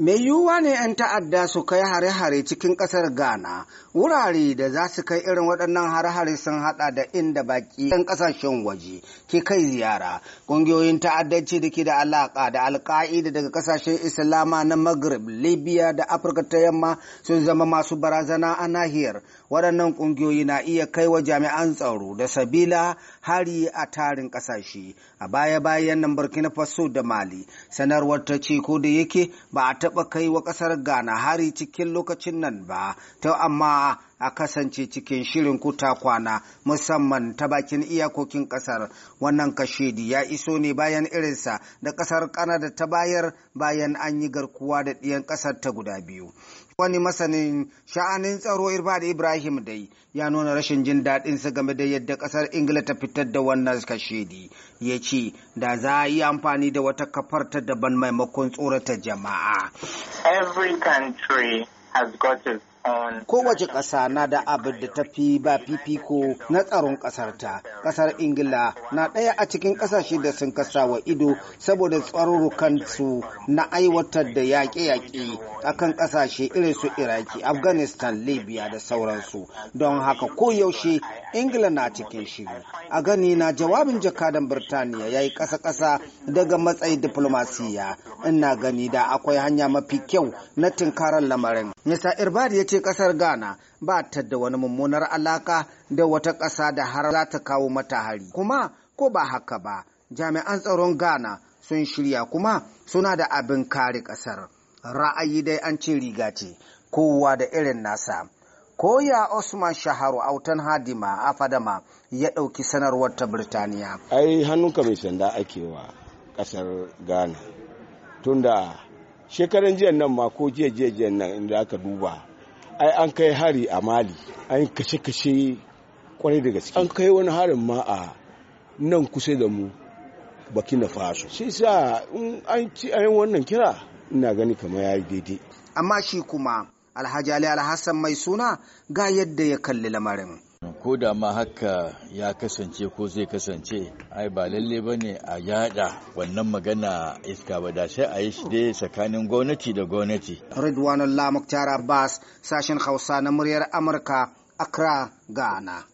Mai yiwuwa ne 'yan ta'adda su kai hare-hare cikin ƙasar Ghana, wurare da za su kai irin waɗannan hare-hare sun haɗa da inda baƙi 'yan ƙasashen waje ke kai ziyara. Ƙungiyoyin ta'addanci da ke da alaƙa da alƙa'ida daga ƙasashen Islama na Maghrib, Libya da Afirka ta Yamma sun zama masu barazana a nahiyar, waɗannan ƙungiyoyi na iya kai wa jami'an tsaro da sabila hari a tarin ƙasashe a baya-bayan nan burkina faso da mali sanarwar ta ce ko da yake ba a taɓa kai wa ƙasar ghana hari cikin lokacin nan ba ta amma a kasance cikin shirin kuta kwana musamman ta bakin iyakokin ƙasar, wannan kashedi ya iso ne bayan irinsa da ƙasar kanada ta bayar bayan an yi garkuwa da ɗiyan ƙasar ta guda biyu Wani masanin sha'anin tsaro Irbad Ibrahim dai ya nuna rashin jin daɗin sa game da yadda ƙasar Ingila ta fitar da wannan kashedi. Ya ce da za a yi amfani da wata kafar ta daban maimakon tsorata jama'a. Every country has got its Kowace ƙasa na da abin da ta fi ba fifiko na tsaron ƙasarta. Ƙasar Ingila na ɗaya a cikin ƙasashe da sun kasa wa ido saboda su na aiwatar da yaƙe-yaƙe a kan ƙasashe irin su Iraki, Afghanistan, Libya da sauransu. Don haka koyaushe Ingila na cikin shiri. A gani na jawabin jakadan Birtaniya ya yi ƙasa-ƙasa daga matsayin diplomasiya. Ina gani da akwai hanya mafi kyau na tunkarar lamarin. Mr. Irbad ya ce kasar Ghana ba ta da wani mummunar alaka da wata ƙasa da har za ta kawo mata hari. Kuma ko ba haka ba, jami'an tsaron Ghana sun shirya kuma suna da abin kare ƙasar. Ra'ayi dai an ce riga ce, kowa da irin nasa. Koya Osman Shaharu Autan Hadima a Fadama ya ɗauki sanarwar ta Birtaniya. Ai hannunka mai sanda wa ƙasar Ghana. Tunda shekaran jiyan nan ma ko jiya jiya jiya nan inda aka duba ai an kai hari a mali an kashe-kashe kwarai da gaske an kai wani harin ma a nan kusa da mu baki na faso shi sa an ci wannan kira ina gani kamar ya yi daidai amma shi kuma alhaji ali alhassan mai suna ga yadda ya kalli lamarin ko da ma haka ya kasance ko zai kasance ai ba lalle ba ne a yada wannan magana iska ba da sai a yi shi dai tsakanin gwamnati da gwamnati ridwanullah muktar abbas sashen hausa na muryar amurka accra ghana